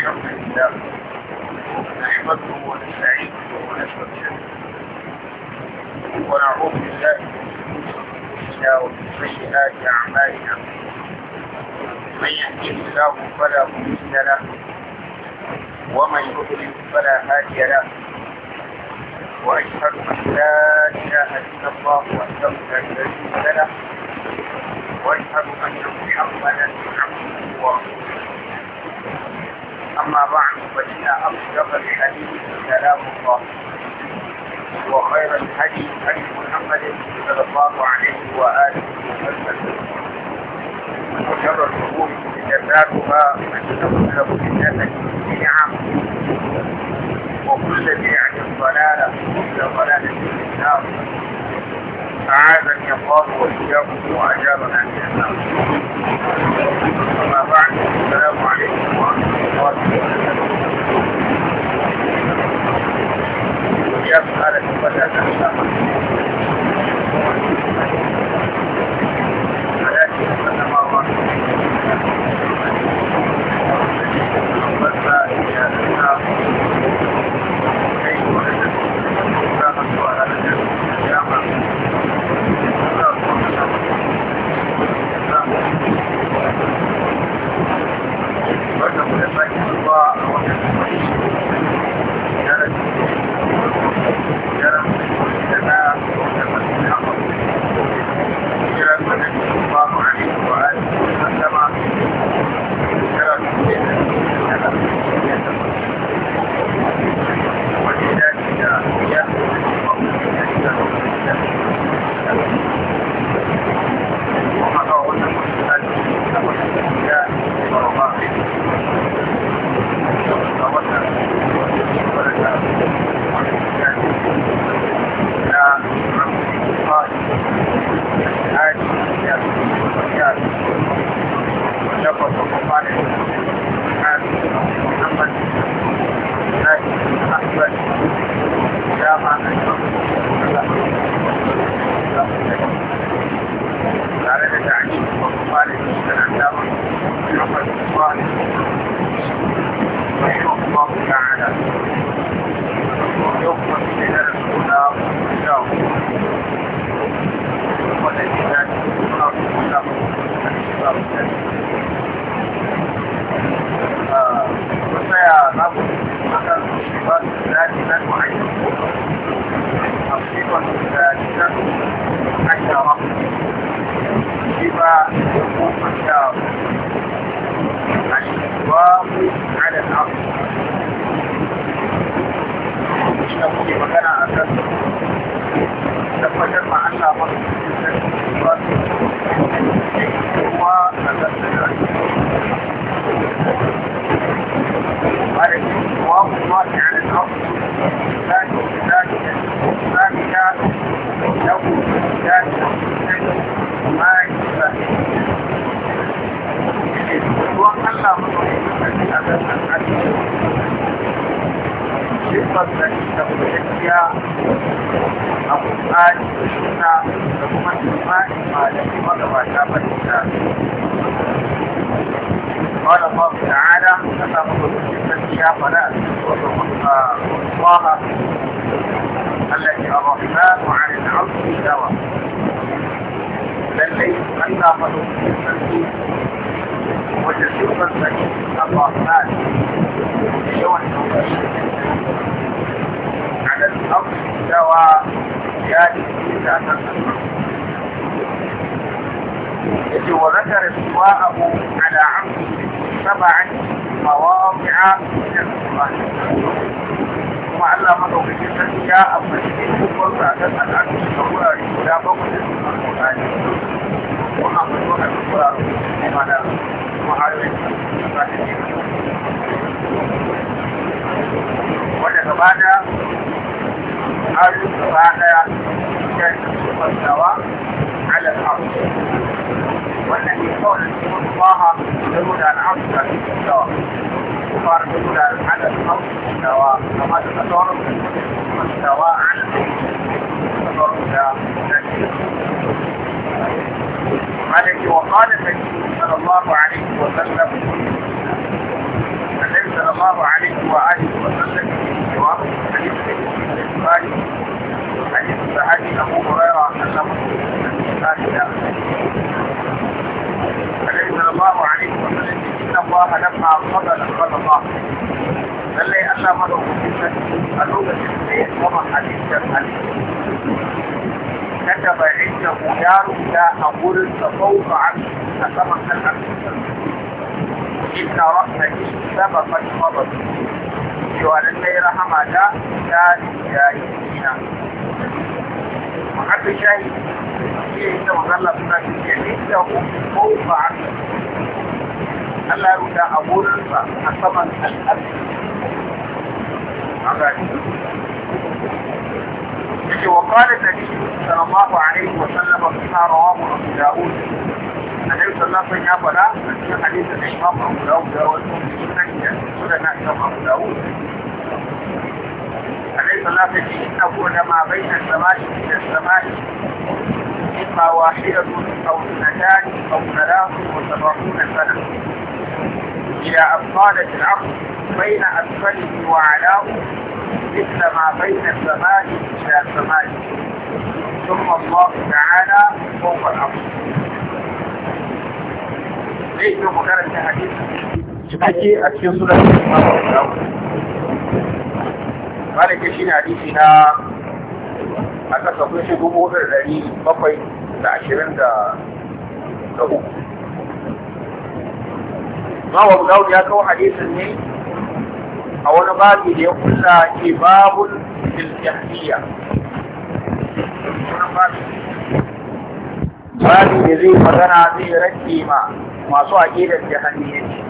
الحمد لله نحمده ونستعينه ونستغفره ونعوذ بالله من ومن سيئات اعمالنا من يهده الله فلا مضل له ومن يضلل فلا هادي له واشهد ان لا اله الا الله وحده لا شريك له واشهد ان محمدا عبده ورسوله أما بعد فإن أصدق الحديث كلام الله وخير الهدي هدي محمد صلى الله عليه وآله وسلم وشر الأمور محدثاتها فإن كل محدثة جميعا وكل بيعة ضلالة وكل ضلالة في النار أعاذني الله وإياكم وأجابنا من النار أما بعد السلام عليكم ورحمة الله يفعل المدى تحت حمد دار الجاهلين وحتى الشاهد هي انت وظل سنة الجاهلين تقوم فوق عقل ألا يرد أبو الرزا حسبا الأرض هذا وقال النبي صلى الله عليه وسلم فيما رواه ابو داود النبي صلى الله عليه وسلم في حديث الامام ابو داود والمسلمين سنه سنه ابو داود الصلاة فإن كل ما بين السماء من السماء إما واحدة أو اثنتان أو ثلاث وسبعون سنة إلى أن قالت العقل بين أسفله واعلاه مثل ما بين السماء إلى السماء ثم الله تعالى فوق العقل ليس مجرد حديث أكيد أكيد سورة الإسلام malin ke shi ne hadisi na a kasa kun shi dubu da dari bakwai da ashirin da uku ma wa gaud ya kawo hadisin ne a wani babi da ya kulla ke babul iltihiyya babi da zai magana zai rage ma masu aƙidar jahanniyyanci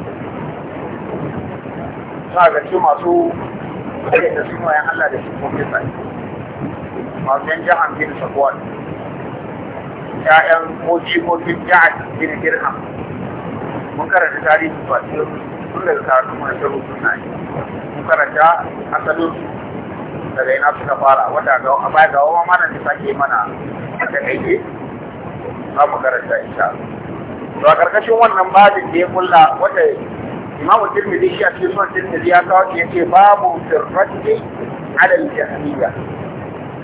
sa ga masu kai da sunayen Allah da shi kofin sa masu yan jihar bin sabuwar ya'yan koji kofin jihar bin dirham mun karanta tarihi ba tun daga karatu mun da suna yi mun karanta asalin daga ina suka fara wata ga a baya ga wawa mana da sake mana da kake za mu karanta insha Allah to a ƙarƙashin wannan babin da ya kulla wata imamu tirmidhi shi a cikin sunan tirmidhi ya kawo shi yace babu sirrati ala al-jahmiya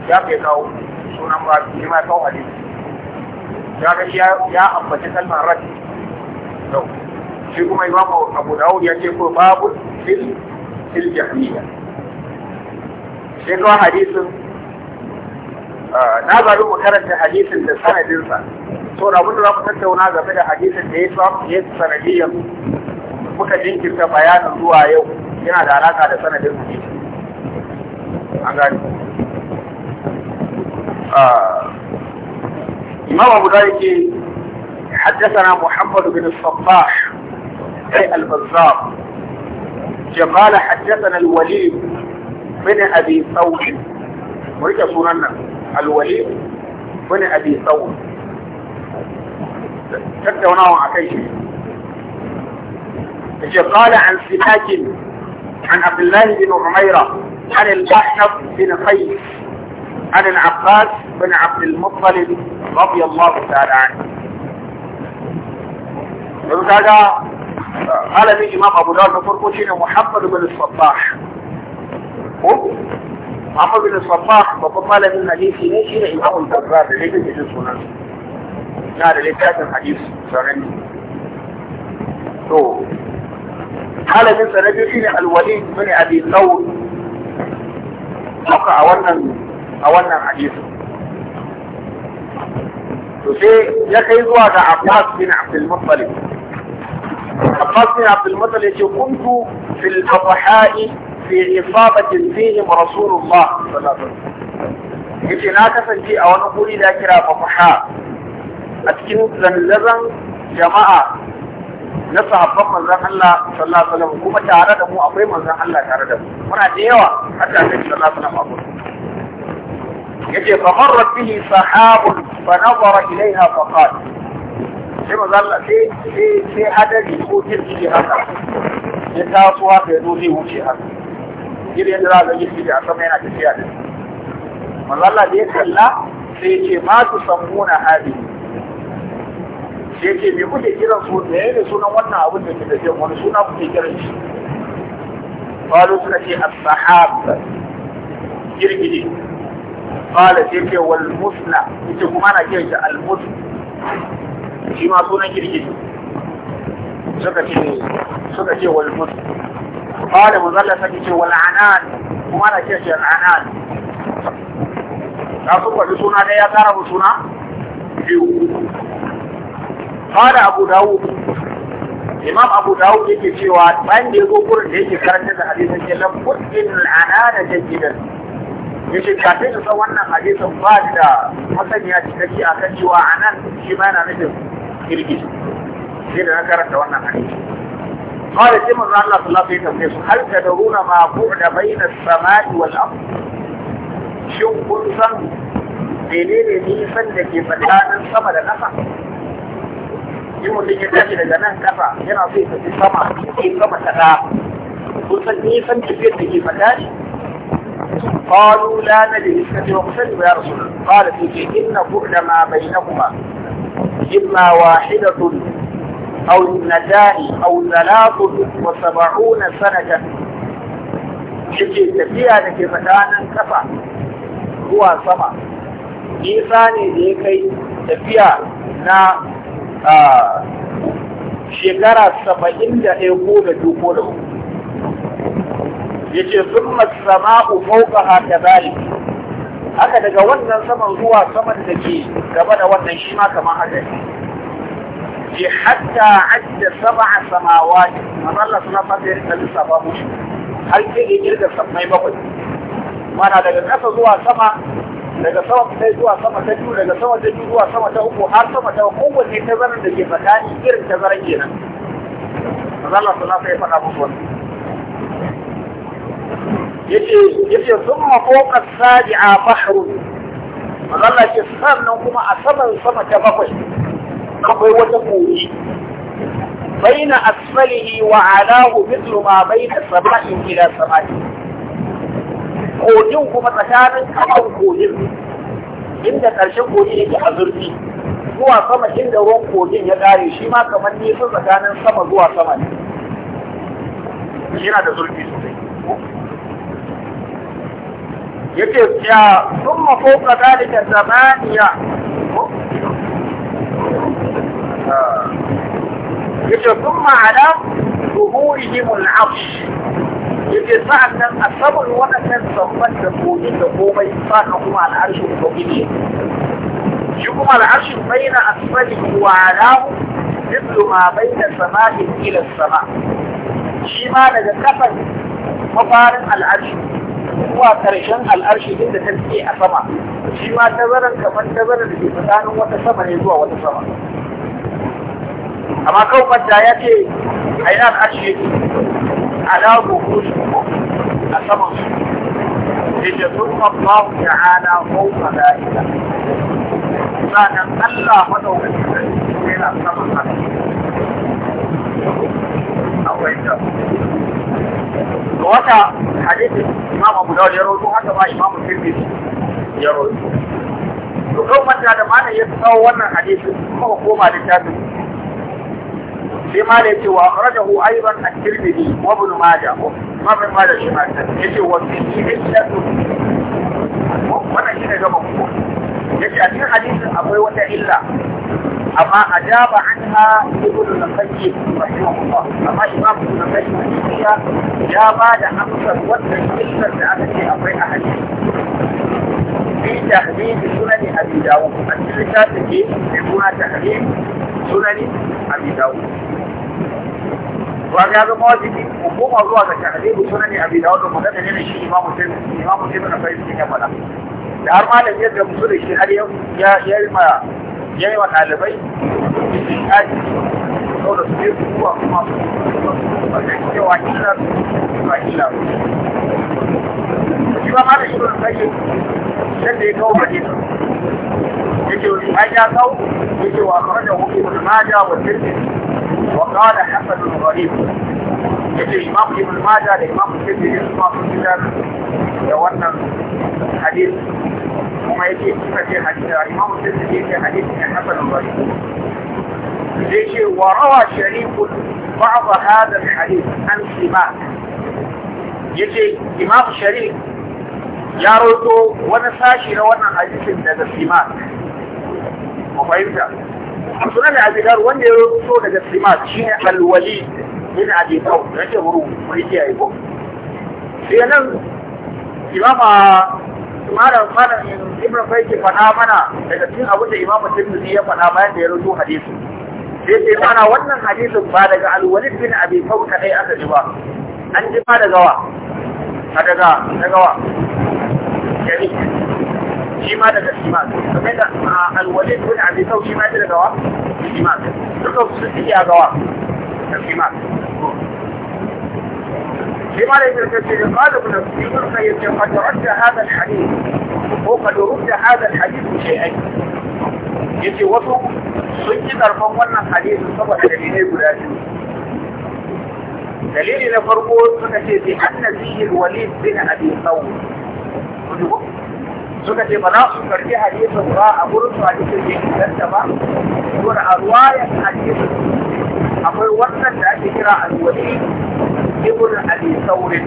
ya kai kawo sunan ba shi ma kawo hadisi ya ga shi ya ambaci kalmar rati to shi kuma imamu abu dawud ya ce ko babu fil fil jahmiya sai kawo hadisin na zaɓi mu karanta hadisin da sanadinsa to da abin da za mu tattauna game da hadisin da ya samu ya sanadiyyar muka jinkirta bayanin zuwa yau yana da alaka da sanadin mu ne an gani ah, imam abu da yake حدثنا محمد بن الصباح أي البزار قال حدثنا الوليد بن أبي ثور مريك سننا الوليد بن أبي ثور تكتوناه عكيش قال عن سماك عن عبد الله بن عميرة عن الأحنف بن قيس عن العباس بن عبد المطلب رضي الله تعالى عنه وهذا قال في إمام أبو دار نفركوشين محمد بن الصباح محمد بن الصباح وقال من نجيسي نجيسي إمام الدرار لكي تجلسونا نعلي لكي تجلسونا نعلي لكي تجلسونا هل انت نجسين الوليد من ابي الثور وقع اولا اولا حديثه تسي يكي يزوى عباس بن عبد المطلب عباس بن عبد المطلب كنت في الفضحاء في عصابة فيهم رسول الله صلى الله عليه وسلم yace na kasance a wani guri da kira fafaha a cikin na sahabban manzon Allah sallallahu alaihi wasallam kuma tare da mu akwai manzon Allah tare da mu muna da yawa har annabi sallallahu alaihi wasallam akwai yace fa marrat bihi sahabun fa nazara ilaiha fa qala sai manzon Allah sai sai sai hadari ko jirgi haka ya taso haka ya zo zai wuce haka irin yadda za a ga jirgi a sama yana tafiya da manzon Allah da ya kalla sai ya ce ma na hadhihi sai ce me kuke kiran su da yayin sunan wannan abin da kika ce wani suna kuke kiran shi qalu suka ce as-sahab girgije qala sai ce wal musna ita kuma ana kiran shi al musna shi ma sunan girgije suka ce suka ce wal musna qala muzalla sai ce wal anan kuma ana kiran shi al anan ka su kwaɗi suna ɗaya ya tara mu suna biyu قال أبو داود إمام أبو داود da في واحد من يقول قرن يجي كرن هذا حديث الكلام قرن العنان جيدا yace kafin da san wannan hadisin ba da masaniya cikakke a kan cewa a nan shi ma yana nufin girgiji sai da na karanta wannan hadisi kawai sai manzo Allah sallallahu alaihi wasallam har da daruna ma bu'da bainas samai wal ard shin kun san menene nisan da ke tsakanin sama da ƙasa قالوا لا ندري اسكت وقتل يا رسول الله قال في شيء ان بعد ما بينهما اما واحده او النجاه او ثلاث وسبعون سنه شيء تبيع لك مكانا كفى هو سما نيساني ذيكي تبيع نا shekara saba'in da ɗaya ko da biyu ko da uku ya ce sun sama'u fauka haka zaliki haka daga wannan saman zuwa saman da ke gaba da wannan shi ma kamar haka ne hatta adda sab'a samawati manzo masallar suna fata wasallam ya lissafa mushi har ke ya kirga samai bakwai mana daga ƙasa zuwa sama daga sama ta zuwa sama ta biyu daga sama ta biyu zuwa sama ta uku har sama ta kowanne tazarar da ke tsakani irin tazarar kenan Allah sallallahu alaihi faɗa musu wannan yace yace thumma fawqa as-sadi'a bahrun Allah ce sannan kuma a saman sama ta bakwai akwai wata koyi baina asfalihi wa alahu mithlu ma baina sama'i ila sama'i kogin kuma tsakanin kasan kogin inda ƙarshen kogin yake a zurfi zuwa sama inda ruwan kogin ya ƙare shi ma kamar nisan tsakanin sama zuwa sama ne yana da zurfi sosai yake ya sun mafo ka zalika zamaniya yake sun ma'ana ظهورهم العرش yake sa'an nan a saman waɗannan zamban da koyi da komai sa'an kuma al'arshin sauƙi ne shi kuma al'arshin bayyana asfali wa rahu mislu ma bayyana sama'i ila sama shi ma daga kafan mafarin al'arshi zuwa ƙarshen al'arshi inda ta fiye a sama shi ma tazarar kamar tazarar da ke tsakanin wata sama ne zuwa wata sama amma kawai ya ce a yi al'arshi yake على رؤوسهم أسمى ليجزون الله تعالى فوق ذلك فكان ألا فتوى من السماء أو إنه وكا حديث الإمام أبو داود يروي حتى ما إمام الترمذي يروي وكما بما يتي واخرجه ايضا الترمذي وابن ماجه ما من ماذا يجي هو وفيه عدة وانا هنا جمع يتي اتي حديث ابوي وتا الا اما اجاب عنها ابن القيم رحمه الله اما امام ابن القيم الحديثية جاب لحمسة وتا الا لعدد ابوي احديث في تحريم سنن أبي داود أنت تاتي يكون تحريم سنن أبي داود وهذا مواجب وقوم الله تحريم سنن أبي داود ومدد لنا شيء إمام مسلم إمام مسلم أنا فايز كيف لا da har malam yadda musu da shi har yau ya yi ma ya yi wa ɗalibai istihadi sau da su ne kuwa kuma ba ta cewa illa ba illa ba shi ba malam shi ba sai da ya kawo madina yake an ya kawo yake wa kharaja wa ibn majah wa tirmidhi wa qala hasan al-gharib yake imam ibn majah da imam tirmidhi su ma sun fitar da wannan hadisi kuma yake suka ce hadisi imam tirmidhi yake hadisi ne hasan al-gharib yake wa rawa sharif بعض هذا الحديث عن سماك يجي إمام شريك ya roto wani sashi na wannan hadisin daga simak mu fahimta sunan da abidar wanda ya roto daga simak shine alwali bin abi kaw yake wuru mai yi ko sai nan imama malam malam ibnu kai ke fada mana daga cikin abin da imamu tirmidhi ya fada bayan da ya roto hadisi sai sai mana wannan hadisin ba daga alwalid bin abi kaw kadai aka ji ba an ji ba daga wa daga daga wa شريك shi ma daga shimal kamar da alwalid bin abi sau shi ma daga gawa shimal duka su suke a gawa da shimal shimal ya kirkace da kada kuna ibn qayyim ya fata radda hada alhadith ko kada rudda hada alhadith shay'an yace wasu sun ji karfan wannan hadisi saboda dalilai guda biyu dalili na farko suka ce bi anna fihi alwalid bin abi thawb suka ce ba za su karbi hadisin ba a gurin su hadisin bai inganta ba saboda a ruwayan hadisin akwai wannan da ake kira alwali ibn abi saurin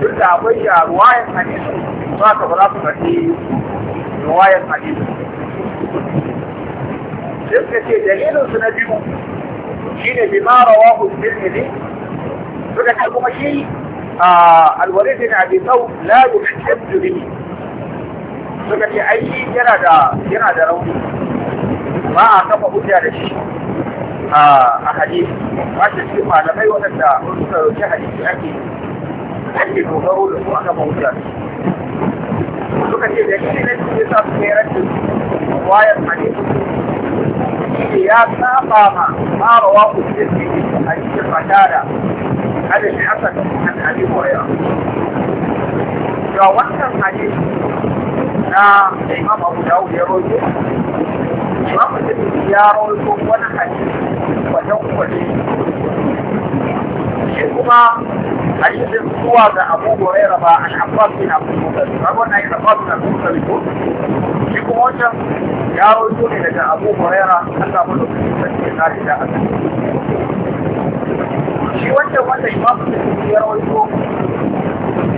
duk da akwai shi a ruwayan ba ka ba za su karbi ruwayan hadisin sai suka ce dalilinsu na biyu shine bima rawahu tirmidhi suka ce kuma shi alwalid bin abi thawb la yuhtajju bihi suka ce ai yana da rauni ba a kafa hujja da shi a hadisi ba shi malamai waɗanda suka roƙi hadisi ake ake dogaro da su a kafa hujja suka ce da shi ne sa su ne rashin wayar hadisi shi ya saba ma ma rawa ku ce a cikin fatada عن الحسن عن أبي هريرة رواه الحديث na Imam Abu Dawud ya roƙe Imam Muslim ya roƙo wani hadisi wajen kwaje shi kuma hadisin zuwa ga Abu Hurairah ba an Abbas bin Abu Bakar ba wannan yana Abbas bin Abu Bakar ko shi kuma wancan ya roƙo ne daga Abu Hurairah Allah mu lokacin da ya kare da asali shi wancan wanda mafi da su ya ko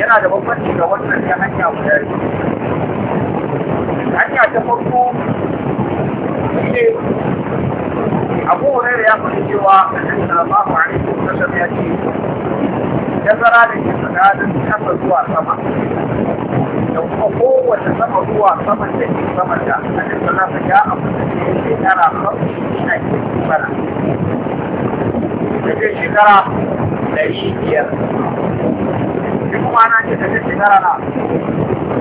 yana da bambanci ga wannan ta hanya guda hanya ta farko shine abu hurairu ya fi cewa annabi sallallahu alaihi wasallam ya ce zara da ke da sama zuwa sama da kuma kowace sama zuwa sama da ke sama da a cikin alaihi wasallam ya abu da ke shekara hamsin shi na ke ce shekara ɗari biyar shi kuma na ce tafi shekara na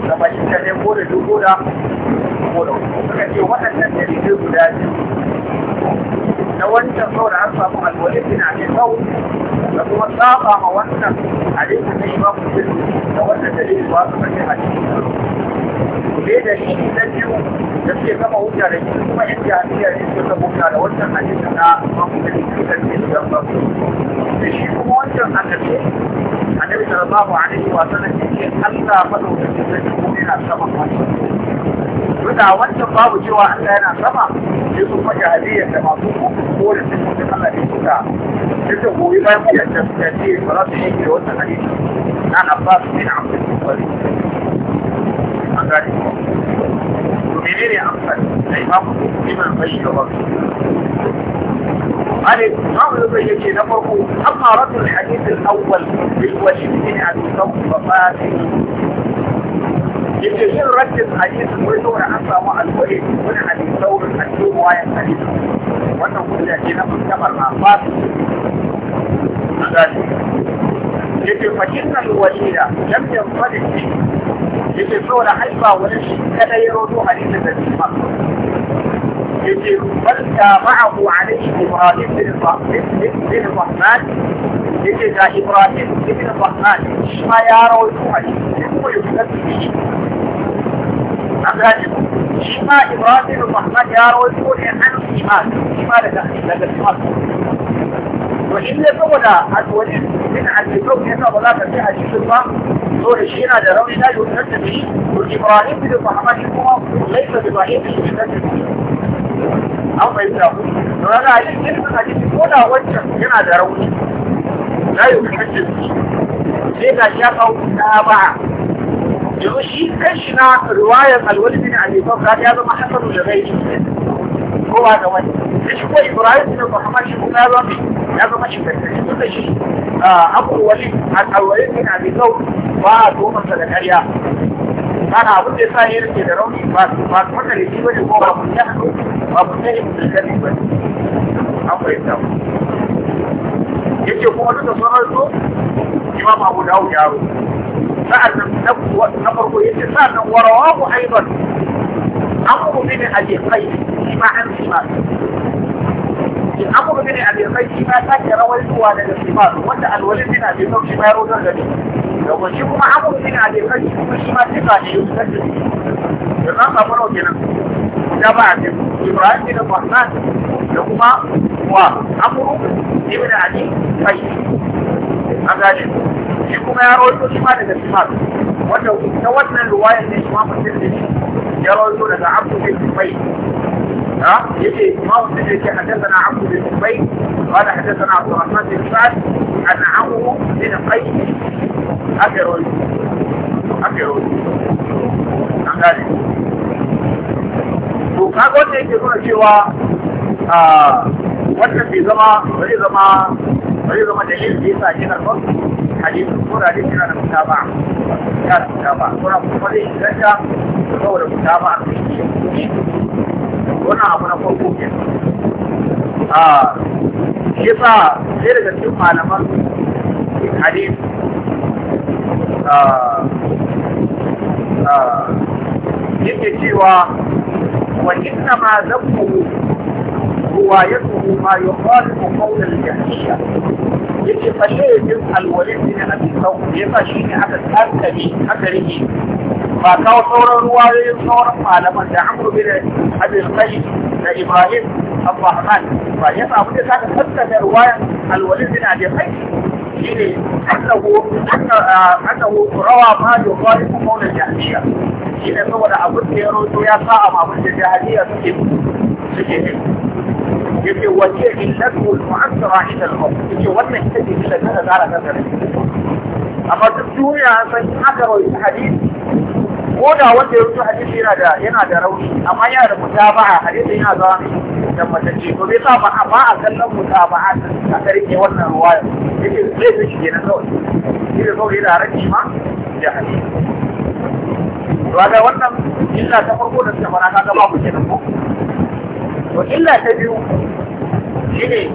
da bakin da ne ko da dubu da ko da suka ce waɗannan dalilai guda biyu na wancan sau da an samu alwali suna ne sau da kuma saba ma wannan hadisin na imamu da wannan dalilin ba su kashe hadisin me da shi na da suke kama da shi kuma yan jami'a ne suke kama hujja da wancan hadisi na da da da shi kuma wancan wancan babu cewa Allah yana sama sai da masu ko da sun mutu bayan da suka ba za su yi da wannan na Abbas bin Abdul Muttalib gane to menene الحديث الاول بالوليد بن ابي ثوب فاتن يجي ركز حديث ويدور عن سماع الوليد بن ابي ثوب الحديث وهي حديث وانا كل هنا مستمر مع فاتن يجي فجن الوليد لم ينفرد به yake saboda haifa wani shi kada ya rodo hadisin da shi ba yake balta ma'ahu alaihi ibrahim bin bin rahman yake ga ibrahim bin rahman shi ma ya rodo hadisin da kuma ya fitar shi an gane shi ma ibrahim bin rahman ya rodo ne an iman shi ma daga daga iman وإلا saboda a tsorin min al-ibrob ya sa ba za ka sai a cikin ba so da shi yana da rauni na yau da shi to Ibrahim bin Muhammad kuma laifa da Ibrahim bin Muhammad an bai da ku to yana yi cikin hadisi ko da wancan yana da rauni na yau da shi sai ga ya kawo na ba yanzu shi kanshi na riwayar alwali bin al-ibrob ya zama hasanu da gairi kowa da wani shi ko Ibrahim bin Muhammad shi kuma ya zama ya zama ingantacce duk da shi abubuwali al'awwali ne na bi kau ba a tuhumarsa da karya kana abin da ya sa ya rike da rauni ba su ba su wanda rike ba ne ko ba mun yana ba mun yana musulkani ba ne an fahimta ba yake kuma duka sauran so imam abu dawo yaro sa'an nan na farko yake sa'an nan warawa ku aiban an mu'minin ajiyar kai shi ma an shi ma amur bin abi kai shi ma sake rawaitowa daga shimar wanda alwalid bin abi kai shi ma yaro daga shi da shi kuma amur bin abi kai shi kuma shi ma tuka ne yau sai da ran ba faro kenan da ba abin ibrahim bin rahman da kuma wa amur ibn abi kai an gane shi kuma ya rawaito shi ma daga shimar wanda ta wannan ruwayar ne shi ma mutum ne ya rawaito daga abdu bin kai ها يجي موقف يجي حدثنا عمرو بن عبيد قال حدثنا عبد الرحمن بن سعد عن عمرو بن قيس أكروي أكروي عن ذلك وكاغو ne ke nuna cewa wannan bai zama bai zama bai zama dalilin da yasa yana son hadisi ko da hadisi yana da mutaba ya da mutaba ko da kuma zai a wannan abu na farko ke a shi sa sai daga cikin malaman hadis yake cewa wa inna ma zabbu روايته ما يخالف قول الجهمية yake fashe yin alwalin ne a cikin sauƙi ya fashe ne aka tsarkare aka rike فكان صور الرواية صور معلمة عمرو بن أبي الخير لإبراهيم الرحمن فإن أبو ديسا حتى في رواية الوليد بن أبي الخير أنه روى ما يخالف مولى الجهلية إلى مولى أبو الديرو يا صاحب أبو الجهلية سكت سكت يجي وجيء إلاك والمعسرة عند الأرض يجي وجيء إلاك والمعسرة عند الأرض أما تبدو يا سيدي حكروا الحديث ko da wanda ya fito hadisi yana da yana da rauni amma yana da a hadisi yana zama ne tabbatacce to bai sa ba a ba a kallon mutaba'a a ka rike wannan ruwaya yake zai fi shi kenan kawai shi da kawai yana haranci ma da hadisi to ga wannan illa ta farko da ta fara kaga babu kenan ko to illa ta biyu shine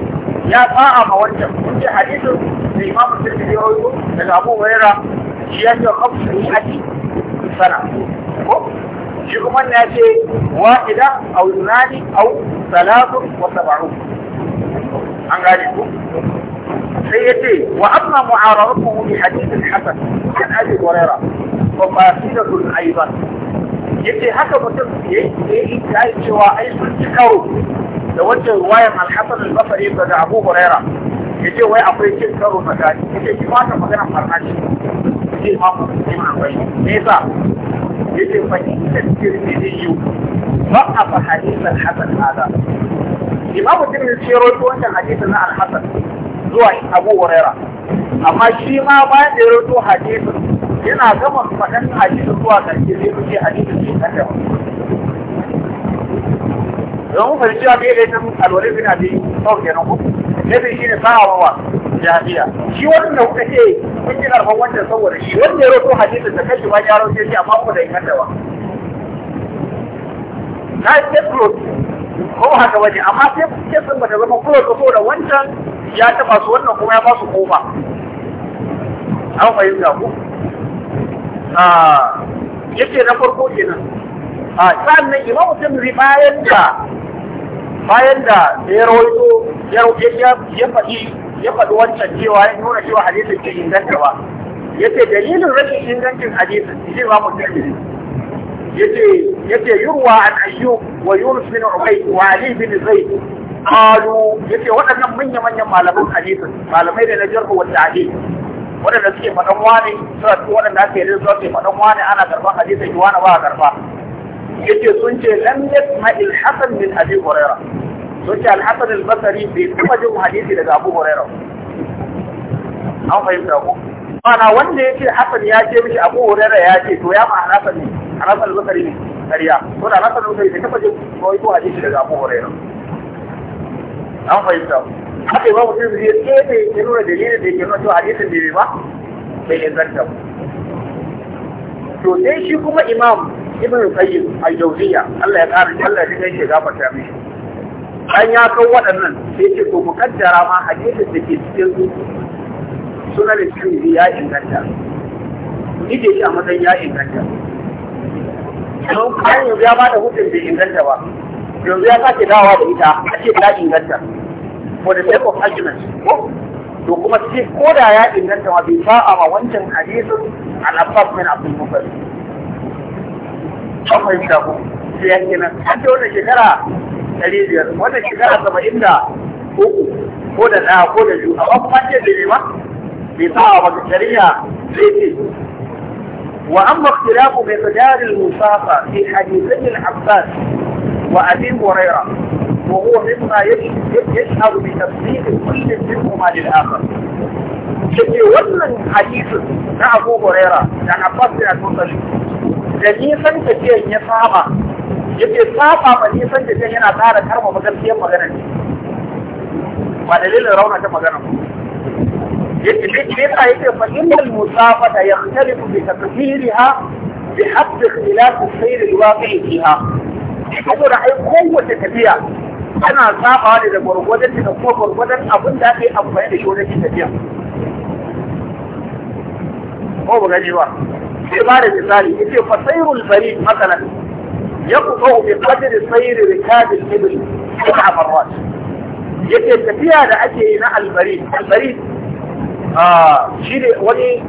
ya sa'a ma wancan kun ji hadisin da imamu tirmidhi ya rawaito daga abu hurairah shi ya ce khamsu mi'ati سنة يقوم أن يأتي واحدة أو ثنالي أو ثلاث وسبعون عن ذلك سيأتي وأما معارضته بحديث الحسن كان أبي غريرة وفاسدة أيضا يأتي هكذا متبقي يأتي سواء أيضا تكرر لو أنت رواية مع الحسن البصري يبدأ أبو غريرة يأتي ويأفريكي تكرر مكاني يأتي جماعة مغنى فرناشي zai haku sai akwai me yasa yace fa da yiwu ba a fa hadisan hasan hada imam tirmidhi shi rawaito wannan hadisin na Alhassan zuwa abu huraira amma shi ma bayan da ya rawaito hadisin yana gama faɗan hadisin zuwa ƙarshe sai kuke hadisin shi kan da don mu fahimci abin da ya tafi alwari bin abin sau kenan kuma. na shi ne sahawa jahiliya shi wannan kuka ce kun ji karfan wannan saboda shi wanda ya roto hadisin da kashi ba ya roto shi amma kuma da inganta ba na step road ko haka waje amma sai step din bata zama kuma ko da wancan ya taba su wannan kuma ya ba su kofa an fahimta ku ah, Yake na farko kenan a ah, sannan imamu tun ribayar da bayan da ya rawaito ya faɗi ya faɗi wancan cewa ya nuna cewa hadisin ke inganta ba ya ce dalilin rashin ingancin hadisin shi ba mu tafi ya ce ya ce yurwa an ayyu wa yunus bin ubay wa ali bin zaid qalu ya ce waɗannan manya manyan malaman hadisin malamai da na jarhu wa ta'dil waɗanda suke faɗan wani suna waɗanda ake yi rinsa suke faɗan wani ana karɓar hadisin wani ba a karɓa yace sun ce lam yasma al hasan min abi hurairah sun ce al hasan al basri bai taba jin hadisi daga abu hurairah an fahimta ko ana wanda yake hasan ya ce mishi abu hurairah ya ce to ya ma hasan ne hasan al basri ne kariya ko da hasan al basri bai taba jin ko hadisi daga abu hurairah an fahimta ko haka ba mutum zai tsefe ya nuna dalilin da yake nuna cewa hadisin bai ba bai inganta ba to dai shi kuma imam ibn qayyim al jawziya Allah ya kare Allah ya kai gafarta mishi an ya kan waɗannan sai ce ko mukaddara ma hadisin da ke cikin sunan tirmidhi ya inganta ni dai ya a matsayin ya inganta don kan yanzu ya ba da hukun bai inganta ba yanzu ya sake dawa da ita a ce ta inganta for the sake of argument to kuma sai ko da ya inganta ma bai sa'a ma wancan hadisin al-abbas bin abdul mufalli an fahimta ku sai ya ke nan an ce wannan shekara ɗari biyar wannan shekara saba'in da uku ko da ɗaya ko da biyu amma kuma ce bai nema bai sa wa shari'a zai ce وأما اختلاف مقدار المساقة في حديثي العباس وأبي هريرة وهو مما يشهد بتفسير كل منهما للآخر شكي وزن حديث مع أبو هريرة عن عباس بن المطلب da nisan tafiyan ya saba yake saba ma nisan tafiyan yana tsara karma magarciyar magana ne ba dalilin rauna ta magana yake ne ta yake fa innal musafata yakhtalifu bi taqdiriha bi hadd ikhtilaf as-sayr al-waqi' fiha saboda ai kowace tafiya ana sabawa ne da gwargwadon da kuma gwargwadon abin da aka yi amfani da shi wajen tafiya ko ba gani ba sai ba da misali yace fa sayrul barid masalan yaqta bi qadri sayr rikab al-ibil sab'a marrat Yake tafiya da ake yi na al-barid al-barid ah shi ne wani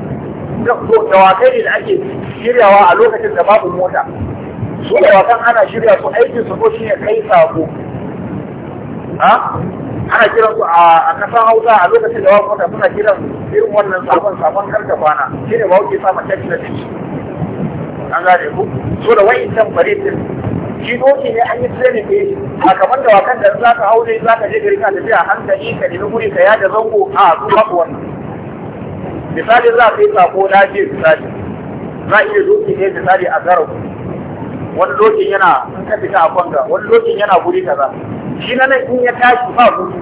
dawakai ne da ake shiryawa a lokacin da babu mota su dawakan ana shirya su aikin su ko shi ya kai sako ha ana kiran su a kasan hausa a lokacin da wata wata suna kiran irin wannan sabon sabon karka kwana shi ne wuce sama tafi da ciki an gane ku so da wani can bare din shi doki ne an yi tsere ne a kamar da wakan da za ka haure za ka je gari ka tafiya hankali ka nemi guri ka yada zango a su babu wannan misali za ka yi sako na je misali za a iya doki ne misali a garau wani lokacin yana kafita ka fita a kwanga wani lokacin yana guri kaza shi na nan in ya tashi ba gudu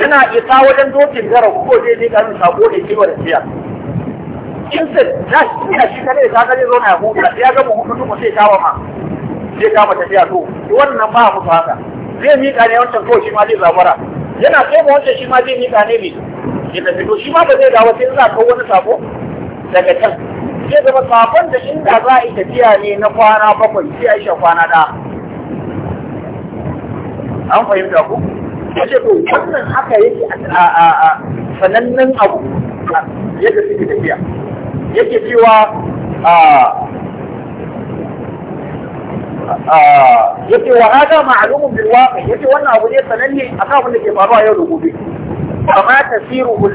yana isa wajen dokin gara ko zai je garin sabo da kiwa da siya in sai za shi a shi kare ta kare zo na huta ya gama hutu kuma sai kawo ma sai kama tafiya to wannan ba mu haka zai miƙa ne wancan ko shi ma zai zabara yana kai ma wancan shi ma zai miƙa ne ne ya tafi to shi ma ba zai dawo sai za ka wani sako daga can zai zama safon da inda za a yi tafiya ne na kwana bakwai sai a yi kwana da an fahimta ku ya ce to wannan haka yake a sanannen abu yadda suke tafiya yake cewa yake wa hada ma'lumun bin waqi yake wannan abu ne sananne a kafin da ke faruwa yau da gobe kama tasiru bil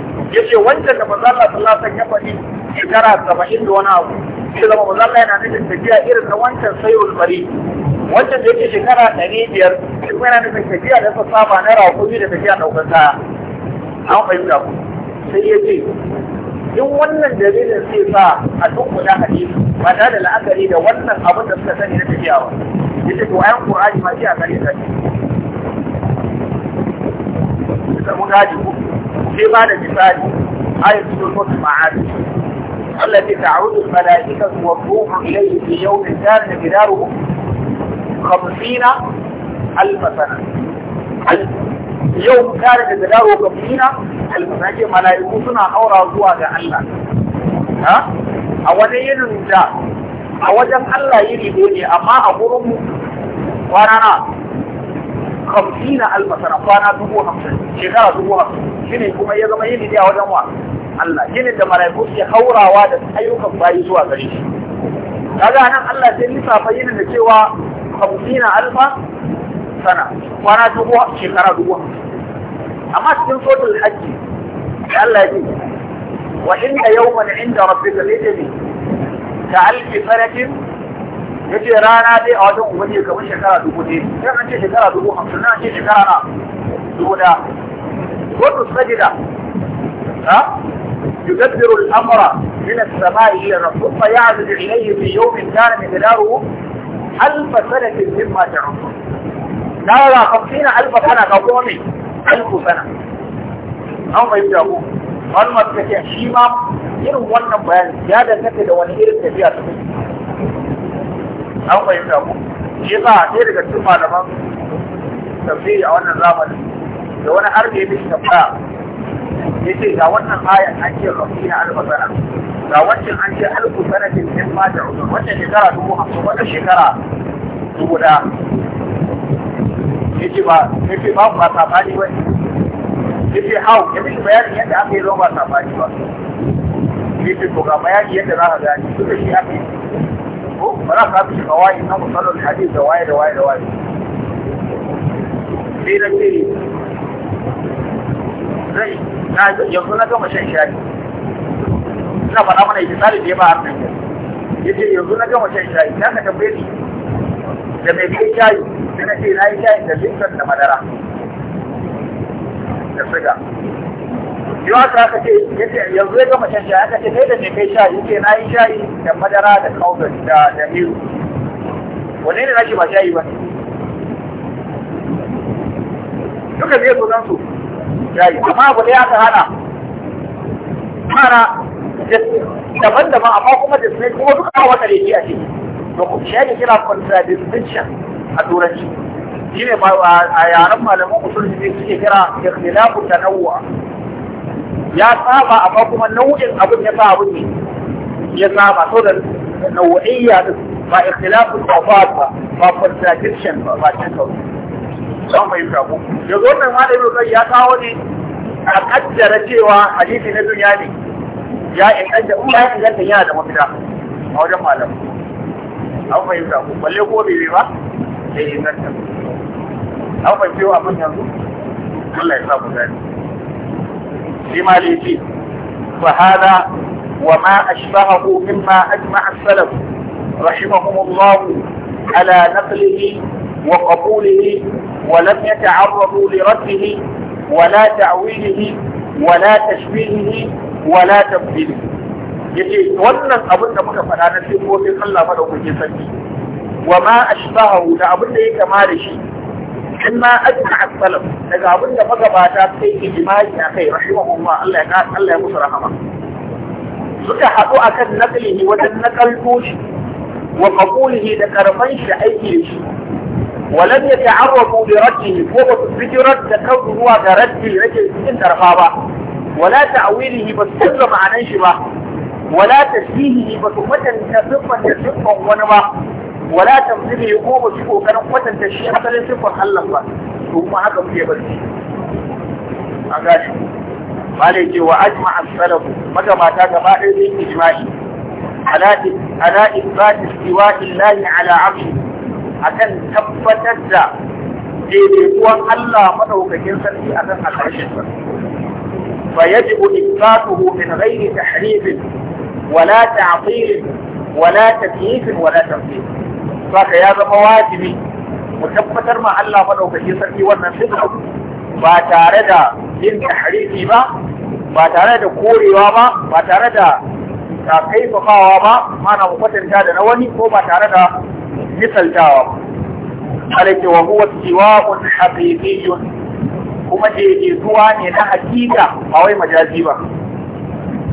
yace wancan da manzo Allah sallallahu alaihi wasallam ya faɗi shekara saba'in da wani abu sai zama manzo Allah yana nufin tafiya irin na wancan sayyul bari wancan da yake shekara ɗari biyar shi kuma yana nufin tafiya da ta saba na rakumi da tafiya ɗaukar kaya an fahimta ku sai ya ce in wannan dalilin sai sa a dunkula hadisi ba ta da la'akari da wannan abin da suka sani na tafiya ba yace to ayan qur'ani ma shi a kare ta ne. Mun gaji ku في بعد مثال آية الموت معاد التي تعود الملائكة والروح إليه في يوم كان مداره خمسين ألف سنة يوم كان مداره خمسين ألف سنة ملائكة سنة أورا زواج الله ها أولا ينجا أولا ألا يريدوني أما أقول وانا hamsina alfasara kwana dubu hamsin shekara dubu hamsin shine kuma ya zama yini ne a wajen wa Allah shine da malaiku ke haurawa da ayyukan bayi zuwa gare shi kaga nan Allah sai lissafa yini da cewa hamsina alfa sana kwana dubu shekara dubu hamsin amma cikin sotul hajji Allah ya ce wa inda yawman inda rabbika lijami ka alfi sanatin ya ce rana dai a wajen ubangiji kamar shekara dubu ne sai an ce shekara dubu hamsin na ce shekara na dubu da wato sajida ha يدبر الأمر من السماء إلى الرب ثم يعرض إليه في يوم كان مقداره ألف سنة مما تعدون نرى خمسين ألف سنة كقومي ألف سنة أو ما يبدأوا wannan take shi ma irin wannan bayani ya danganta da wani irin tafiya ta an fahimta ku shi yasa sai daga cikin malaman tafsiri a wannan zamanin da wani har da ya mishi tambaya ya ce ga wannan ayan an ce rafiya albasara ga wancan an ce alfu sanatin min ma da uzur wannan shekara dubu hamsin wannan shekara dubu ɗaya. Ya ce ba yace ba ba safani ba ce hau ya mishi bayanin yadda aka yi zama ba safani ba ya yace to ga bayani yadda za ka gani duk da shi aka yi ko ba za ka fi waye na musallar hadis da waye da waye da waye sai na ce zai na yanzu na gama shan shayi ina faɗa mana yake tsari da ya ba har nan ya ce yanzu na gama shan shayi ya ka tambaye ni da mai kai shayi sai na ce na yi shayi da lintar da madara da siga yau aka aka ce yanzu ya gama shan shayi aka ce kai da me kai shayi yake na yi shayi da madara da kauda da da miru wanne ne shi ba shayi ba duka zai so zan su shayi amma abu ɗaya aka hana mara daban-daban amma kuma da sai kuma duka a wata laifi a ce to ku shi ake kira contradiction a turanci shine a yaren malamin usul ne suke kira ikhtilafu tanawwa ya saba amma kuma nau'in abin ya sa abin ne ya saba so da nau'iyya din ba ikhtilafu ba ba ba contradiction ba ba cin kawai don mai shafu yanzu wannan ma da yau ya kawo ne a kaddara cewa hadisi na duniya ne ya inganta in ya inganta yana da mafita a wajen malam an fahimta ko balle ko bai ba sai inganta an fahimta abin yanzu Allah ya sa mu gani لما فيه فهذا وما أشبهه مما أجمع السلف رحمهم الله على نقله وقبوله ولم يتعرضوا لرده ولا تعويله ولا تشبيهه ولا تبديله يجي wannan abin بك فلا نسيت وفي خلى فلو madaukakin وما أشبهه ma ashbahu da ان اجمع الطلب لذا ابن بقى باتات في اجماع يا اخي رحمه الله الله يقال الله يمس رحمه سكى حقوة نقله ودن نقل موش وقبوله ذكر من شأيه لشي ولم يتعرفوا لرده فوق الفجرة ذكر هو كرد لرجل في ترخابة ولا تعويله بس كل معنى شبه ولا تشبيهه بس متى تفقا تفقا ونبا ولا تمزيني يقوم شكو كانوا قوة تشيئة فلن سفر حل الله ثم هذا في بس أقاش مالي جي وأجمع السلف متى ما تاتى ما إذن إيه إجماعي على على إثبات استواء الله على عرشه أكن تبت الزا إذن هو حل مدهو كجنسا في أثناء العرشه فيجب إثباته من غير تحريف ولا تعطيل ولا تكييف ولا تنفيذ saka ya zama wajibi mu tabbatar ma Allah madaukakin sarki wannan sifa ba tare da yin tahrifi ba ba tare da korewa ba ba tare da ta kaifafawa ba mana mu kwatanta da na wani ko ba tare da misaltawa ba alaiki wa huwa siwa'un haqiqiyyun kuma zuwa ne na hakika ba wai majazi ba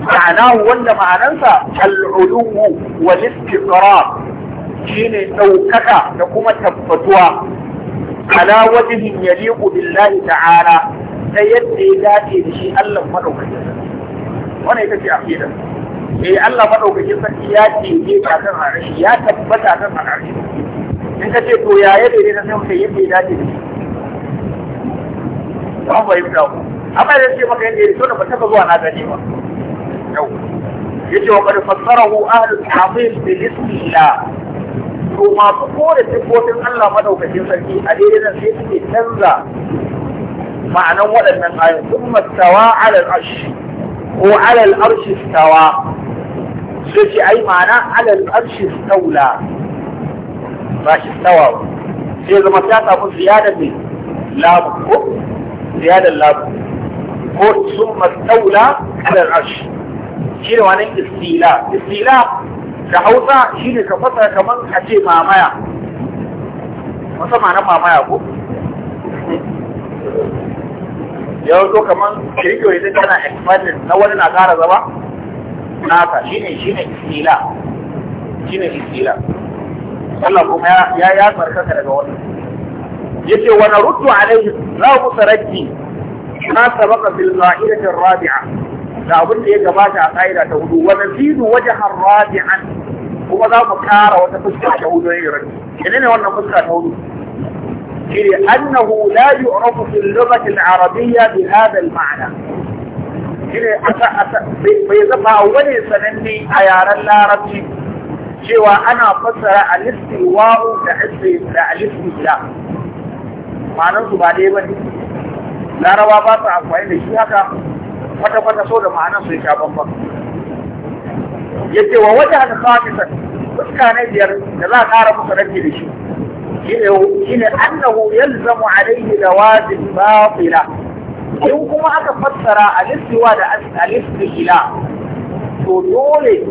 ma'ana wanda ma'anansa al-ulu wal istiqrar shine ɗaukaka da kuma tabbatuwa ala wajihin yaliqu billahi ta'ala ta yadda ya dace da shi Allah madaukakin sarki wannan ita ce aqida eh Allah madaukakin sarki ya ce ne ta kan arashi ya tabbata kan arashi in ka ce to ya yadda ne sai mutum yadda ya dace da shi ba fahimta ku amma da ce maka yadda ya so da ba taba zuwa na gani ba yau yace wa qad fassarahu ahlul ta'wil bi ismillah su masu kore siffofin Allah madaukakin sarki a daidai nan sai suke canza ma'anan waɗannan ayoyin sun mastawa alal arshi ko alal arshi stawa su ce ai ma'ana alal arshi staula ba shi stawa ba sai zama ta samu ziyadar ne labu ko ziyadar labu ko sun mastaula alal arshi shi ne wani istila istila da hausa shi ne ka fasa kamar a ce mamaya wata ma'anar mamaya ko yau zo kamar kirkiyo idan tana expanded na wani na kara zama nasa. shi ne shi ne istila shi ne istila Allah kuma ya ya tsarkaka daga wani yace wa naruddu alaihi za mu sarakki ma sabaqa fil qa'idati rabi'a da abin da ya gabata a ƙa'ida ta hudu wa nazidu wajhan raji'an kuma za mu kara wata fuska ta hudu ne rabi ne wannan fuska ta hudu shine annahu la yu'rafu fil lughati al-arabiyya bi hadha al-ma'na shine asa bai zama wani sananne a yaren larabci cewa ana fassara al-istiwa'u da al-istila ma'anar su ba dai bane laraba ba su amfani da shi haka kwata kwata so da ma'anar su ya ban ban yace wa wajhan khamisan fuska ne biyar da za a ƙara musu rage da shi shine annahu yalzamu alayhi lawazim batila in kuma aka fassara alistiwa da alistila to dole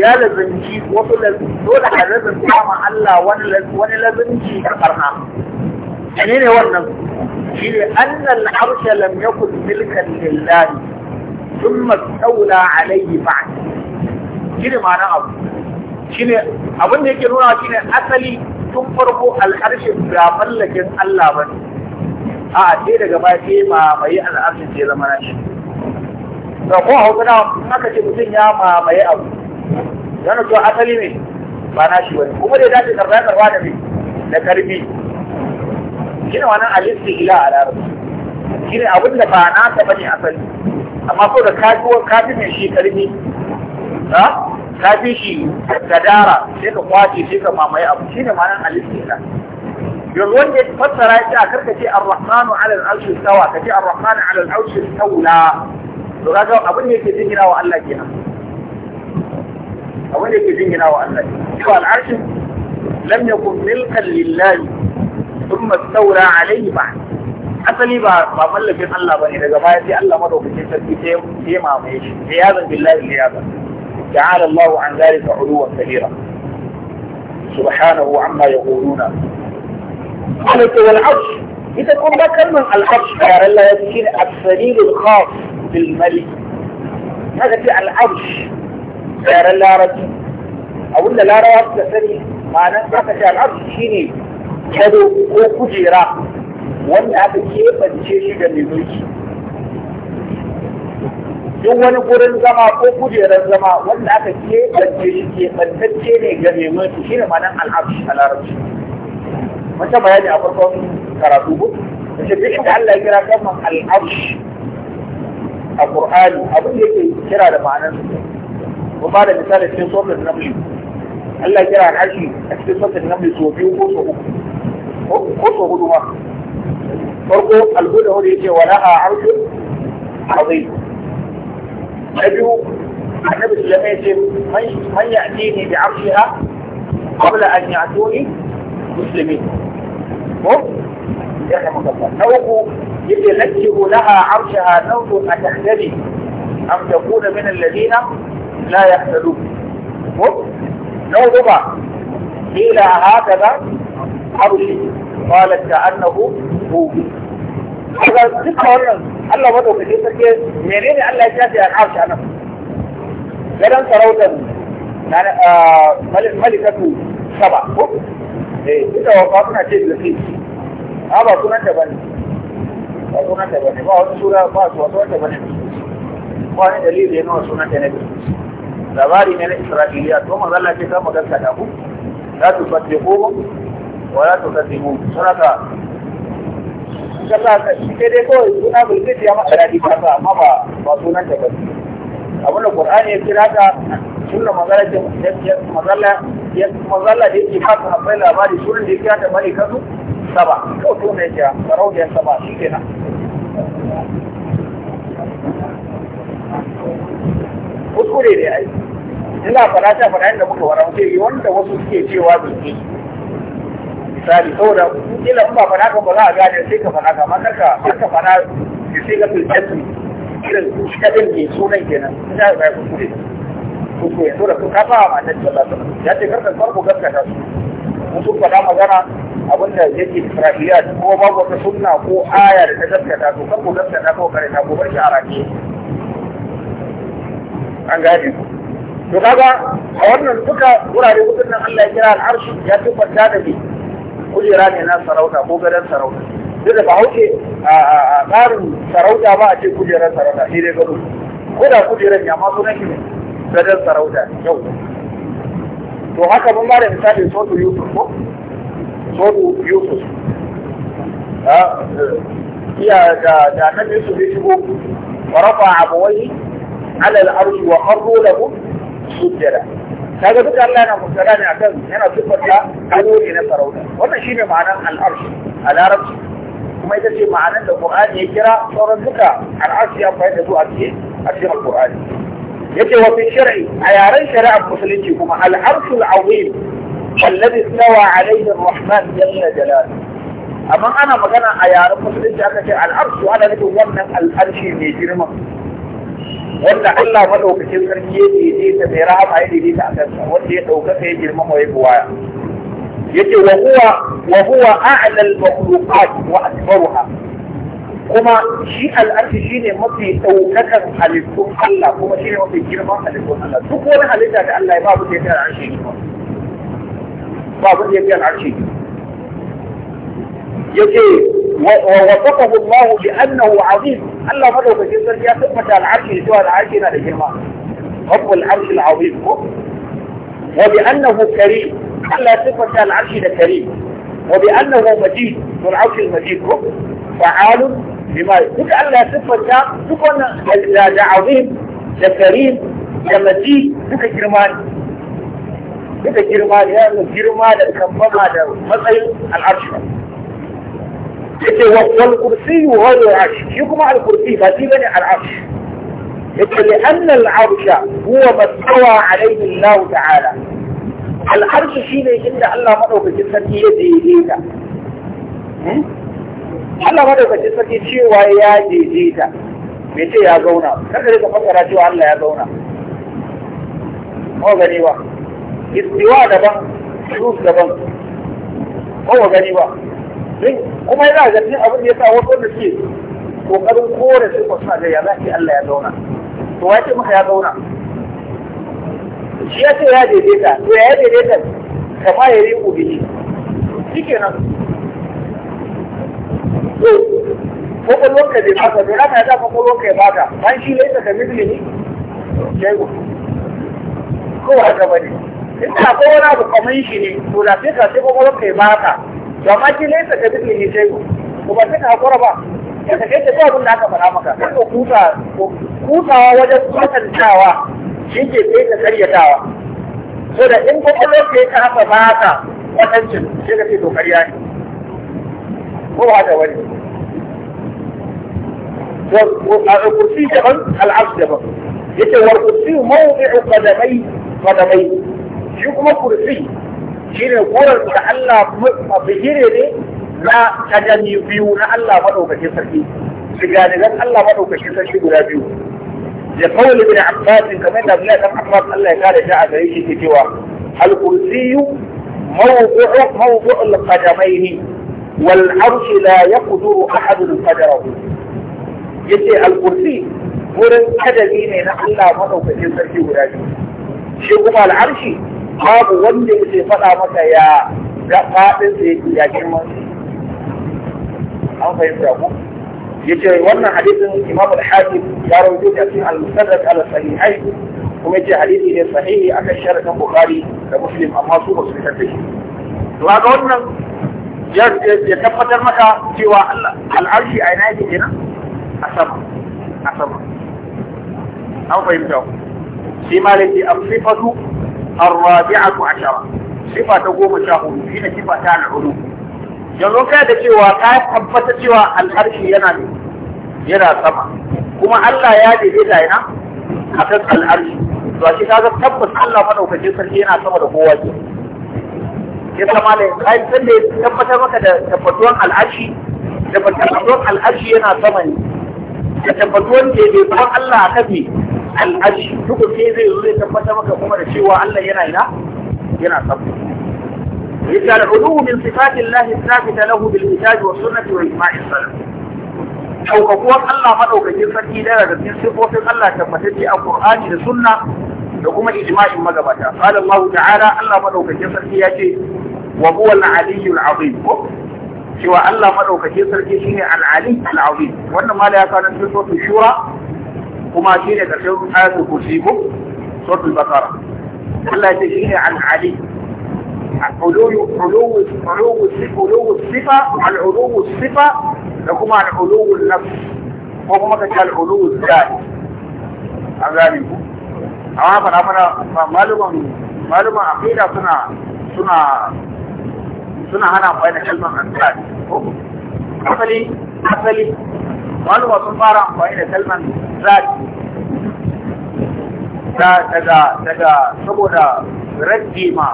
ya lazanci wasu dole a lazanta ma Allah wani wani lazanci da barna ne ne wannan shine annal arsha lam yakun milkan lillahi thumma tawla alayhi ba'd shine ma'anar abu shine abin da yake nuna shine asali tun farko alƙarshen ba mallakin Allah ba ne a sai daga baya sai mamaye al'arshin sai zama na shi da ko hausa na aka ce mutum ya mamaye abu yana to asali ne ba na shi wani kuma da ya dace karba karba da ne da karbi shine wannan alisti ila a larabci shine abin da ba na ta bane asali amma so da kafiwar kafin mai shi karfi ha kafin shi ta dara, sai ka kwace sai ka mamaye abu shi ne ma'anar alifita yanzu wanda ya fassara ya ce a karkace arrahmanu ala al'arshi tawa kace arrahmanu ala al'arshi taula to kaga abin da yake jingina wa Allah kenan abin da yake jingina wa Allah cewa al'arshin lam yakun milkan lillahi thumma istawla alayhi ba'd asali ba ba mallakin Allah bane daga baya sai Allah madaukakin sarki sai ya mamaye shi sai ya zan billahi sai ya zan ta'ala Allahu an zalika uluwan kabira subhanahu amma yaquluna malaka wal arsh ita kun ba kalman al arsh ya Allah ya ce asalil khas bil malik haka ce al arsh ya Allah rabbi da larawa da sani ma'anar ka ce al arsh shine kado ko kujera wanda aka keɓance shi da mai mulki duk wani gurin zama ko kujerar zama wanda aka keɓance shi keɓantacce ne ga mai mulki shi ne ma'anar al'abshi a larabci mata bayani a farkon karatu ko da duk inda Allah ya kira kalmar al'abshi a Qur'ani abin da yake kira da ma'anar ko ba da misali cikin suratul naml Allah ya kira al'ashi a cikin suratul naml so biyu ko so uku ko so hudu ma فرقوا الهدى هو ليس ولها عرض عظيم نبيه النبي لم يتم من, من يأتيني بعرشها قبل أن يأتوني مسلمين نوقوا يجي نجه لها عرشها نوض أتحذري أم تكون من الذين لا يحذلون نوض ما قيل هكذا عرشي قالت كأنه dubu kaga duka wannan Allah madaukakin sarki Allah ya shafi gadan sarautar malikatu saba ko eh duka wa suna ce bilki a ba sunan ta bane ba bane ba wani sura ba su bane ba wani dalili ne wa sunan ta ne labari ne na Isra'iliya to manzo Allah ya ce ka magana da ku la tusaddiqu wa la tusaddiqu saraka sai dai kawai suna bilkis ya masa daɗi amma ba ba sunan ta bane abinda qur'ani ya kira ta ce ya da yake labari sunan da ya kira ta saba kawai to ya saba kuskure ne ai ina fara ta fara inda muka wara muke wanda wasu suke cewa bai misali saboda kila kuma fara ka ba za a gane sai ka fara ka amma ka ka fara ki sai ka filtri irin kadin ne sunan kenan ina ba ku kure ku ko yanzu da ka ba ma da Allah ta ya ce karka farko gaskata su mun su fara magana abinda yake Isra'iliya ko babu wata sunna ko aya da ta gaskata to kan ku gaskata ko kare ta ko bar shi a rake an gane ku to kaga a wannan duka wurare hudun nan Allah ya kira al'arshi ya tabbata da ni kujera ne na sarauta ko gadon sarauta duk da hauke a tsarin sarauta ba a ce kujerar sarauta sai dai gado ko da kujerar ya masu nake ne gadon sarauta yau to haka mun ba da misali sotu yusuf ko sotu yusuf iya da da annabi yusuf ya shigo wa rafa abawai ala al-arshi wa qarru lahu sujjada kaga duka Allah yana musala ne akan yana sifarta kalori na sarauta wannan shine ma'anar al'arshi a larabci kuma ita ce ma'anar da Qur'ani ya kira sauran duka al'arshi ya fara da su a cikin a cikin Qur'ani yace wa fi shar'i a yaren shari'ar musulunci kuma al'arshul azim wallazi stawa alayhi ar-rahman jalla jalaluhu amma ana magana a yaren musulunci aka ce al'arshu ana nufin wannan al'arshi mai girma wanda Allah madaukakin sarki ya daidaita mai rahama ya daidaita a kansa wanda ya ɗaukaka ya girma mai buwaya yace wa huwa wa huwa a'la al-makhluqat wa akbaruha kuma shi al'arshi shi ne mafi ɗaukakan halittun Allah kuma shi ne mafi girman halittun Allah duk wani halitta da Allah ya babu da ya kai al'arshi girma babu da ya kai al'arshi girma yace wa wasaqahu Allah bi annahu azim الله مدوك جزا يا ثمة العرش جوا العرش إلى الجماعة رب العرش العظيم وبأنه كريم الله ثمة العرش إلى كريم وبأنه مجيد والعرش المجيد فعال بما يقول الله ثمة سكن جزا عظيم لكريم لمجيد بك جرمان بك جرمان يا جرمان الكمبما ده مثل العرش yake wal kursi ghayru arsh shi kuma al kursi ba shi bane al arsh yake li anna al arsh huwa mastawa alayhi Allah ta'ala al arsh shine inda Allah madaukakin sarki ya daidaita Allah madaukakin sarki cewa ya daidaita me ce ya zauna kada ka fassara cewa Allah ya zauna ko gani ba istiwa daban shuf daban ko gani ba din kuma yana da cikin abin da ya sa wasu wanda ke kokarin kore su ko sa ya za ki Allah ya zauna to wa ce maka ya zauna shi ya ce ya daidaita to ya daidaita kama ya yi ubihi nan to kokolon ka bai baka to haka ya sa kokolon ka ya baka an shi laisa ka mithlihi shay'un ko haka bane in akwai wani abu kamar shi ne to da sai ka sai kokolon ka ya baka to amma shi ne ka duk ne sai ko ba ka hakura ba ka take ta abin da aka fara maka sai ko kuta kutawa wajen kwatantawa shi ke sai ka karyatawa so da in kwakwalwar ka ka haka ba ka kwatancin sai ka ce to karya ne ko ba da wani والكرسي جبل العرش جبل يتوى الكرسي موضع قدمي قدمي شو كما shi ne gurin da Allah bihire ne na kadami biyu na Allah maɗaukacin sarki shiganigan Allah maɗaukacin sarki guda biyu da kawai bin Abbas kamar da Abdullahi dan Abbas Allah ya kare shi a gare shi ke cewa al-kursiyyu mawdu'u mawdu'u al-qadamaini wal arshi la yaqduru ahadun qadarahu yace al-kursi gurin kadami ne na Allah maɗaukacin sarki guda biyu shi kuma al-arshi babu wanda yake faɗa maka ya ga faɗin da yake ya girma an fahimta ku ce wannan hadisin Imam al-Hakim ya rawaito da cikin al-Musaddaq al-Sahihai kuma yace hadisi ne sahihi akan sharadin Bukhari da Muslim amma su ba su fitar da shi to ga wannan ya tabbatar maka cewa Allah al-Arshi a ina yake kenan a sama a sama an fahimta ku shi malaki am sifatu الرابعة عشرة صفة تقوم شاهد هنا صفة تعالى العلوم yanzu kai da cewa ka tabbata cewa al'arshi yana ne yana sama kuma Allah ya daidaita yana a kan al'arshi to shi kaga tabbas Allah madaukakin sarki yana sama da kowa ke ya sama da san da tabbatar maka da tabbatuwan al'arshi da tabbatuwan al'arshi yana sama ne da Allah a kafi al'ashi duka sai zai zo zai tabbata maka kuma da cewa Allah yana ina yana sabbi yadda al'ulu min sifatin lahi sabita lahu bil kitabi wa sunnati wa ijma'is salaf daukakuwar Allah madaukakin sarki da daga cikin sifofin Allah tabbatacce a Qur'ani da sunna da kuma ijma'in magabata qala Allah ta'ala Allah madaukakin sarki ya ce wa huwa al-aliyyul azim cewa Allah madaukakin sarki shine al-ali al-azim wannan mala ya kawo cikin shura. kuma shi ne ƙarshen ayatul kursi ko suratul baqara Allah ya ce shi ne al-ali علو علو علو علو الصفة العلو الصفة لكم العلو النفس وكما كان العلو الذات أغاني أما فأنا فأنا معلومة معلومة أخيرة سنة سنة سنة هنا بين كلمة الذات أصلي أصلي maluma sun fara amfani da kalman zati daga daga saboda raddi ma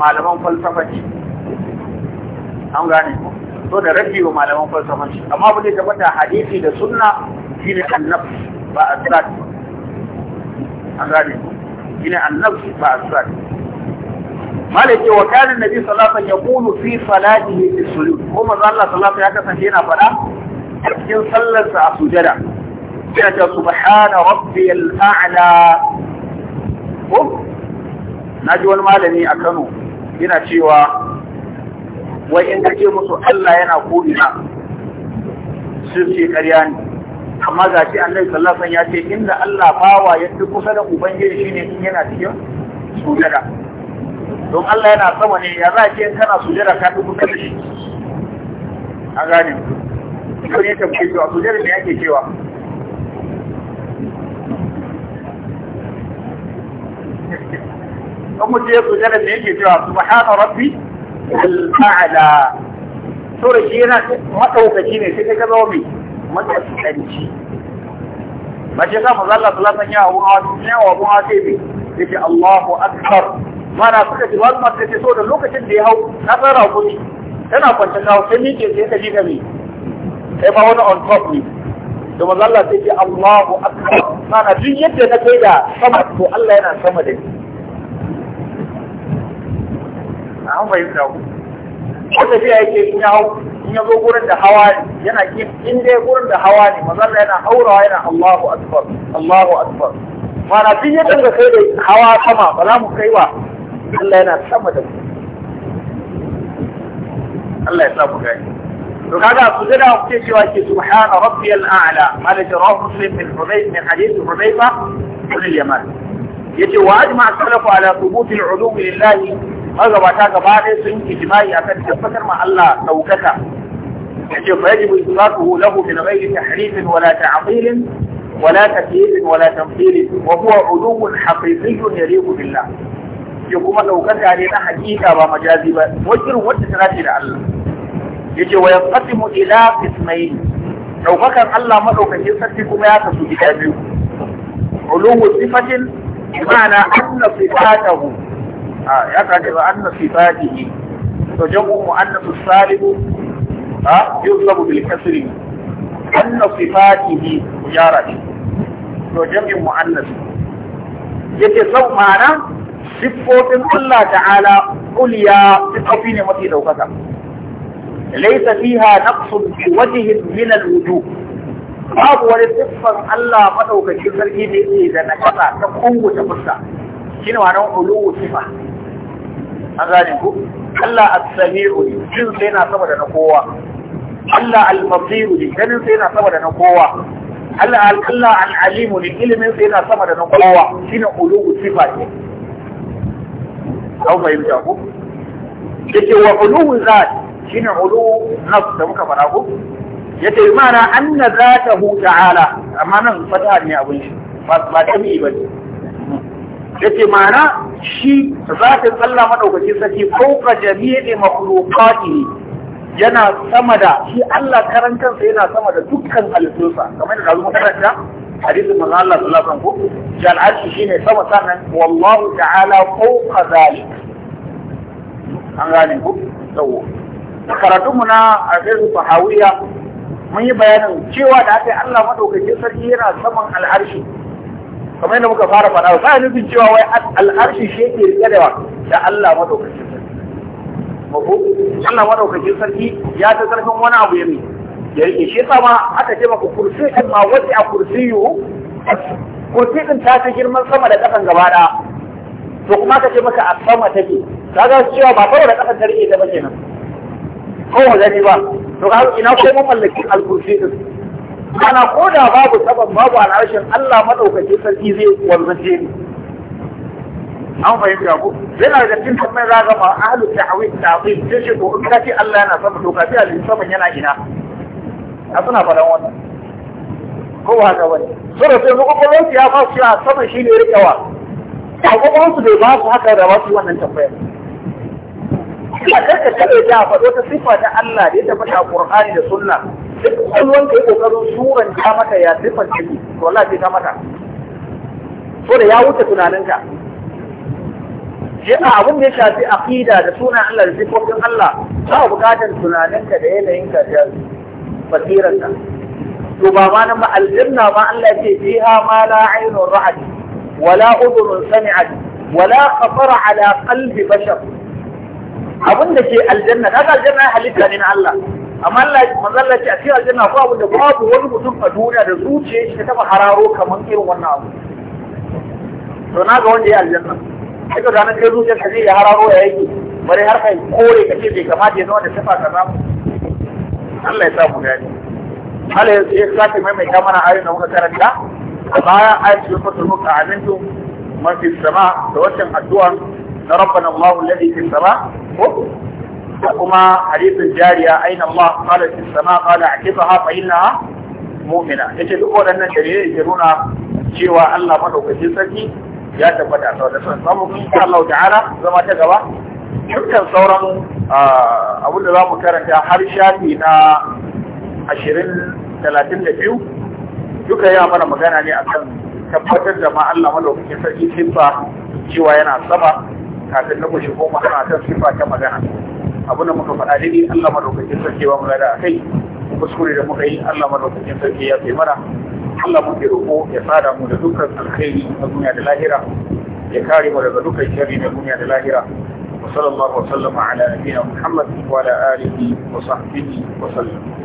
malaman falsafanci an gane ko so da raddi wa malaman falsafanci amma ba zai tabbata hadisi da sunna shine annabs ba a azrat an gane ko shine annabs ba azrat malaki wa kana nabi sallallahu alaihi wasallam yaqulu fi salatihi fi sujud kuma Allah sallallahu alaihi wasallam ya kasance yana faɗa a cikin sallarsa a sujada yana ta subhana rabbiyal a'la ko na ji wani malami a Kano yana cewa wai in kace musu Allah yana ko'ina sun ce ƙarya ne amma ga shi annabi sallallahu alaihi wasallam ya ce inda Allah bawa ya fi kusa da ubangiji shine in yana cikin sujada don Allah yana sama ne ya za ce kana sujada ka fi kusa da shi a gane cikin ya tafi cewa su jirgin yake cewa أم الجيب وجل اللي يجي فيها سبحان ربي الأعلى سورة جينا ما توقع جينا سيدة كذومي ما تأتي ما شكا فظل ثلاثة يا أبو عاتمنا وأبو عاتمي يجي الله أكبر ما نافكة الوضع ما تأتي سورة لوكة اللي هو نظر أبوي أنا كنت أنه سميك يجي كذي sai ma wani on top ne da manzo Allah sai ce Allahu akbar mana duk yadda na kai da sama to Allah yana sama da ni an fahimta ku ko tafiya yake in ya in yazo zo gurin da hawa ne yana ki in dai gurin da hawa ne manzo yana haurawa yana Allahu akbar Allahu akbar mana duk yadda ka kai da hawa sama ba za mu kai wa Allah yana sama da mu Allah ya sa mu gani to kaga su jira ku ce cewa ke subhana rabbiyal a'la malaka rawu min hudayb min hadith hudayba ibn al-yaman yace wa ajma salafu ala thubut al-ulum lillahi magabata gaba ɗaya sun ijma'i akan tabbatar ma Allah daukaka yace fa yajibu isbatuhu lahu min ghayri tahrif wala ta'til ولا تكييف ولا تمثيل وهو kuma حقيقي يليق بالله يقوم ba كان علينا حقيقة ومجازبة وجر وجه da Allah. yace wa yanqasimu ila qismayn daukakan Allah madaukakin sarki kuma ya kasu gida biyu uluhu sifatin bima'ana anna sifatahu a ah, ya kace ba anna sifatihi to jamu muannas salimu a yusabu bil kasri anna sifatihi mujarrad to jamu muannas yake sau ma'ana siffofin Allah ta'ala uliya sifofi ne mafi daukaka laysa fiha naqsun bi wajhin min al babu wani siffar Allah madaukakin sarki da yake da nakasa ta kunguta fuska shine wannan uluwu sifa an gane ku Allah as-sami'u ne jin sai na sama da na kowa Allah al-basiru ne ganin sai na sama da na kowa Allah al-Allah al-alimu ne ilimin sai na sama da na kowa shine uluwu sifa ne au fahimta ku yake wa uluwu zat shine ulu Nas da muka fara ko yace ma'ana anna zatahu ta'ala amma nan fata ne abun shi ba ba tabi ba yace ma'ana shi zatin sallah madaukakin saki fauka jami'i makhluqati yana sama da shi Allah karantar sa yana sama da dukkan halittunsa kamar da zuwa karanta hadisin manzo Allah sallallahu alaihi wasallam shi shine sama sanan wallahu ta'ala fauka zalik an gane ku tsawo karatunmu na Azizu Fahawiya mun yi bayanin cewa da aka yi Allah maɗaukakin sarki yana saman al'arshi kamar yadda muka fara faɗa ba nufin cewa wai al'arshi shi yake riƙe da da Allah maɗaukakin sarki mako Allah maɗaukakin sarki ya ta zarfin wani abu ya ya rike shi yasa ma aka ce maka kursi din ma wasi a kursi kursiyu kursi din ta ta girman sama da kasan gaba da to kuma aka ce maka a sama take kaga cewa ba da kasan ta rike ta ba kenan ko mu ba to ka ina ko mamallakin alkursi din ana ko da babu saban babu al'arshin Allah madaukakin sarki zai warzance ni an fahimta ko yana da cikin kamar zaga ma ahlu ta'wil ta'wil sai shi to in ka ce Allah yana sama doka ka ce Allah sama yana ina a suna faɗan wannan ko ba haka wani sura sai mu kokon ya fasu shi sama shine rikewa a kokon su bai ba su haka da ba su wannan tambayar kuma karka taɓa a faɗo ta siffa ta Allah da ya tabbata a Qur'ani da Sunna duk kullun kai kokarin suran ta mata ya siffar ta to Allah ce ta mata so da ya wuce tunaninka yana abin da ya shafi aqida da sunan Allah da sifofin Allah ba bukatar tunaninka da yanayinka da basirarka to ba ma nan ba aljanna ma Allah ce fiha ma la aynun ra'at wala udhun sami'at wala khatara ala qalbi bashar abin da ke aljanna kaga aljanna ya halitta ne na Allah amma Allah manzalla ce a cikin aljanna ko abin da babu wani mutum a duniya da zuciya shi ta taba hararo kamar irin wannan abu to na ga wanda ya aljanna sai ka ranar kai zuciyar ka zai ya hararo ya yi bare har kai kore ka ce bai kamata ya zama da sifa ka samu Allah ya samu gani Allah ya sake maimaita mana ayoyin da muka karanta a baya ayatul fatul muka amintu man fi sama da wancan addu'an rabbana Allah alladhi fi sama oh, da kuma hadisin jariya aina Allah qala fi sama qala aqifaha fa innaha mu'mina yace duk waɗannan dalilai ke nuna cewa Allah madaukakin sarki ya tabbata sau da san samu insha Allah ta'ala zama ta gaba dukkan sauran ah, abin da za mu karanta har shafi na ashirin talatin da biyu duka ya mana magana ne akan tabbatar da ma Allah madaukakin sarki siffa cewa yana sama kafin na kushe ko mu ana ta sifa ta magana abin da muka faɗa dai Allah madaukakin sarki ba mu lada kai kuskure da muka yi Allah madaukakin sarki ya fi mana Allah muke roƙo ya sada mu da dukkan alkhairi na duniya da lahira ya kare mu daga dukkan sharri na duniya da lahira وصلى الله وسلم wa نبينا محمد وعلى آله وصحبه وسلم